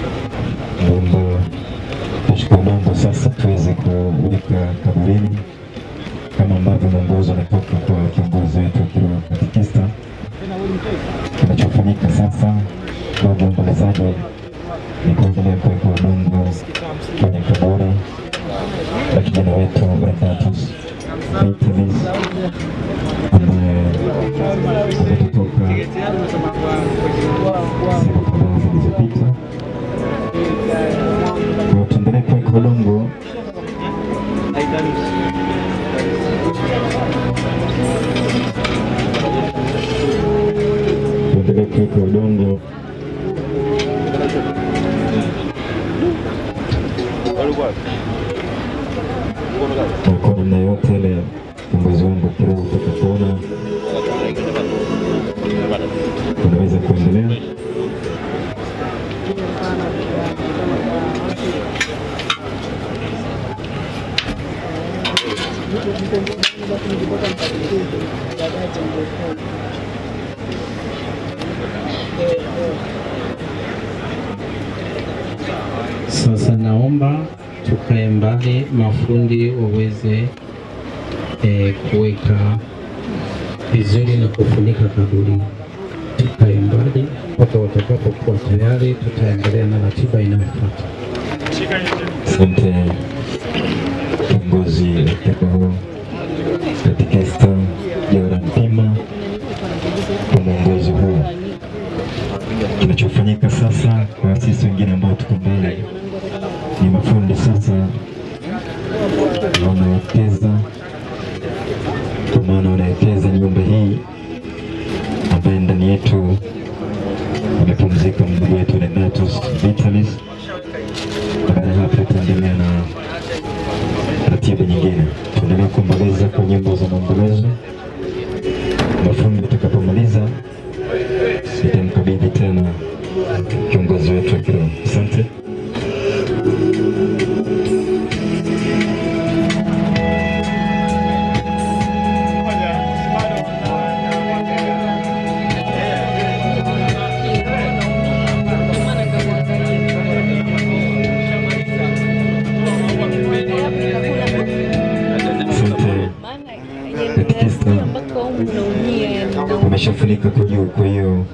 que que o o naomba tushikamane sasa tuweze kuweka kaburini kama Que mwongozo unatoka kwa kiongozi que wa katekista. Kinachofanyika sasa, ndugu o ni que kuweka udongo kwenye que la kijana o Ignatius Mitanis উলঙ্গ উলঙ্গ kwamba tukae mbali, mafundi waweze e, eh, kuweka vizuri na kufunika kaburi. Tukae mbali mpaka watakapokuwa tayari, tutaendelea na ratiba inayofuata. Asante kiongozi watakao katika stand ya Uramtima kwa mwongozo huo. Kinachofanyika sasa kwa sisi wengine ambao tuko mbali ni mafundi sasa wanawekeza, kwa maana wanawekeza nyumba hii ambaye ndani yetu amepumzika mdugu wetu Renatus Vitalis. Baada ya hapo, tuendelea na ratiba nyingine, tuendelea kuomboleza kwa nyimbo za maombolezo. Mafundi tukapomaliza itamkabidhi tena ameshafunika kwa juu. Kwa hiyo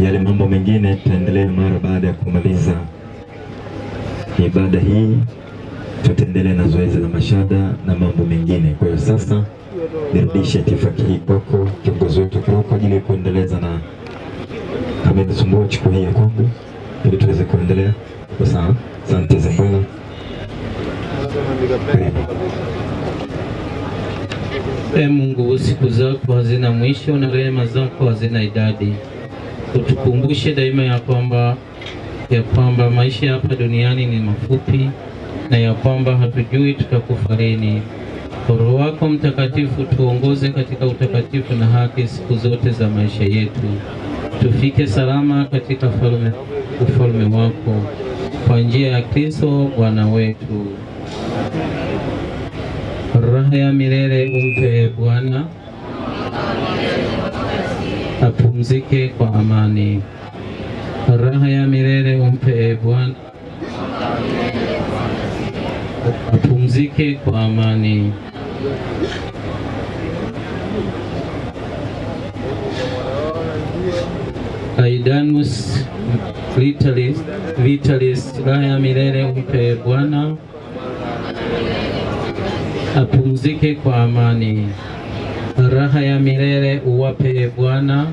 yale mambo mengine tutaendelea mara baada ya kumaliza ibada hii, tutaendelea na zoezi la mashada na mambo mengine. Kwa hiyo sasa nirudishe itifaki hii kwako, kiongozi wetu kwa ajili ya kuendeleza na kama inasumbua, chukua hii ya kwangu ili tuweze kuendelea. Asante sana. E Mungu, siku zako hazina mwisho na rehema zako hazina idadi. Utukumbushe daima ya kwamba ya kwamba maisha hapa duniani ni mafupi na ya kwamba hatujui tutakufa lini. Roho wako Mtakatifu tuongoze katika utakatifu na haki siku zote za maisha yetu, tufike salama katika ufalme wako kwa njia ya Kristo Bwana wetu. Raha ya milele umpe Bwana, apumzike kwa amani. Raha ya milele umpe Bwana, apumzike kwa amani. Aidanus Vitalis, Vitalis, raha ya milele umpe Bwana apumzike kwa amani. Raha ya milele uwape Bwana,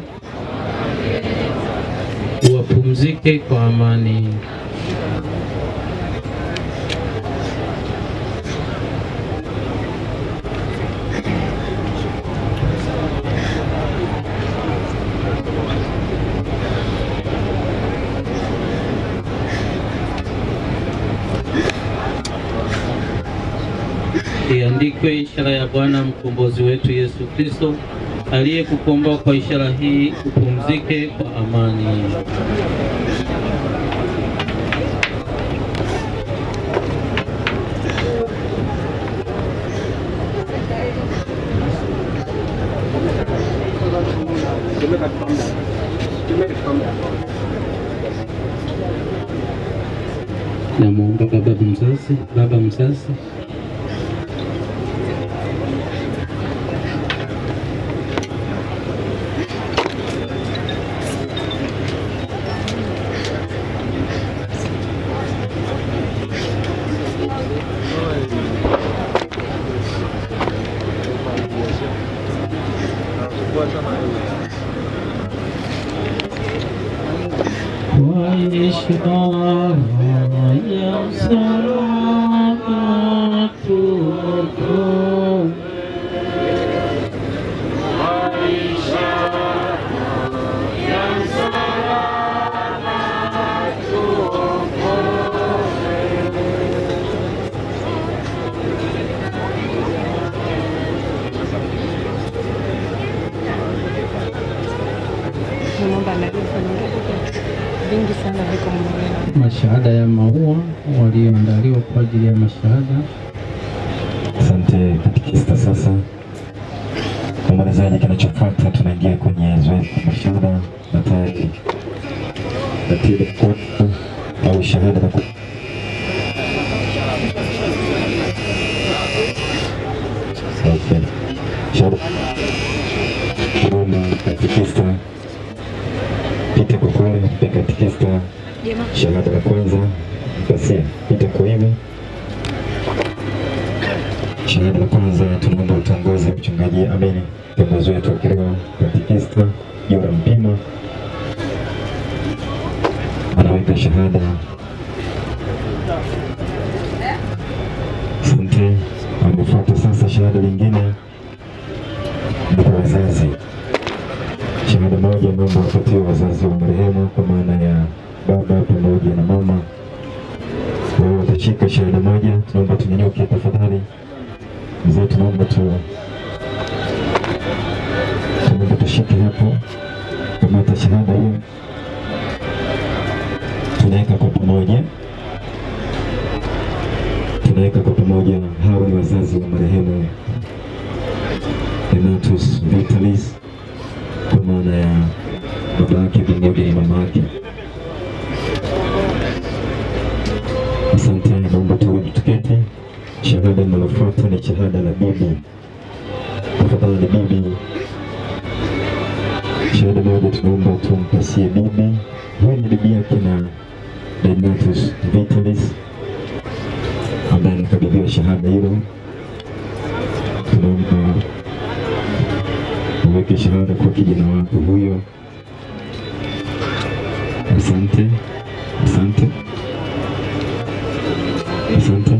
wapumzike kwa amani. iandikwe ishara ya Bwana mkombozi wetu Yesu Kristo aliyekukomboa kwa ishara hii, upumzike kwa amani. Namwomba baba mzazi, baba mzazi Vaishnava, Vaishnava, Vaishnava, Vaishnava, Vaishnava, Vaishnava, Mashahada ya maua walioandaliwa kwa ajili ya mashahada. Asante katikista. Sasa mwenezaji, kinachofuata tunaingia kwenye zoezi la mashahada na tayari au shahada katikista Mkamiti Kokole, Pekatikista Shamata la kwanza Kasia kwa hivi. Shamata la kwanza, tunaomba utongozi mchungaji Amini kiongozi wetu wa kiroho Katikista Jora Mpima anaweka shahada. Asante. Amefuata sasa shahada lingine kwa wazazi, shahada moja, naomba wapatiwe na moja, tunaomba tunyanyuke tafadhali. Mzee, tunaomba tu tunaomba tushike hapo kamata shahada hiyo, tunaweka kwa pamoja, tunaweka kwa pamoja. Hawa ni wazazi wa marehemu Renatus Vitalis kwa maana ya baba pamoja na mama msikiti. Shahada linalofuata ni shahada la bibi. Tafadhali bibi, shahada moja tunaomba tumpasie bibi. Huyu ni bibi yake na Denatus Vitalis ambaye anakabidhiwa shahada hilo. Tunaomba uweke shahada kwa kijana wako huyo. Asante, asante, asante.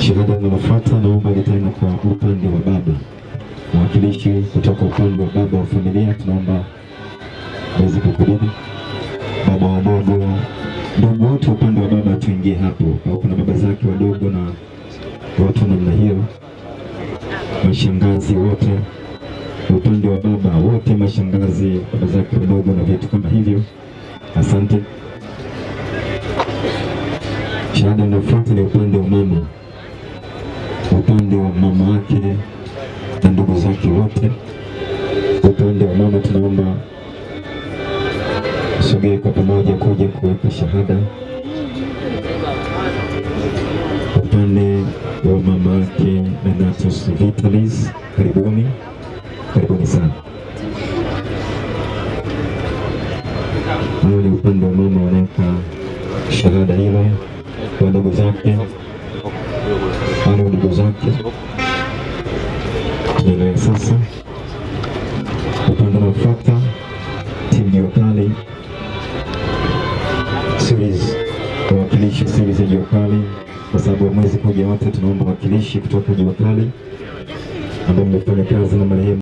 Shirada linalofuata naomba litani kwa upande wa baba. Mwakilishi kutoka upande wa baba wa familia tunaomba aweze kukabidhi. Baba wadogo, ndugu wote upande wa baba tuingie hapo, au kuna baba zake wadogo na watu namna hiyo, mashangazi wote upande wa baba wote, mashangazi, baba zake wadogo na vitu kama hivyo. Asante. Shahada inayofuata ni upande wa mama upande wa mama yake na ndugu zake wote. Upande wa mama tunaomba sogee kwa pamoja kuja kuweka shahada. Upande wa mama yake Donatus Vitalis, karibuni, karibuni sana. Hao ni upande wa mama wanaweka shahada ile kwa ndugu zake wale ndugu zake ile sasa upande unaofuata timu Juakali series wawakilishi series ya Juakali, kwa sababu ya mwezi kuja wote tunaomba wakilishi kutoka jiokali ambao mmefanya kazi na marehemu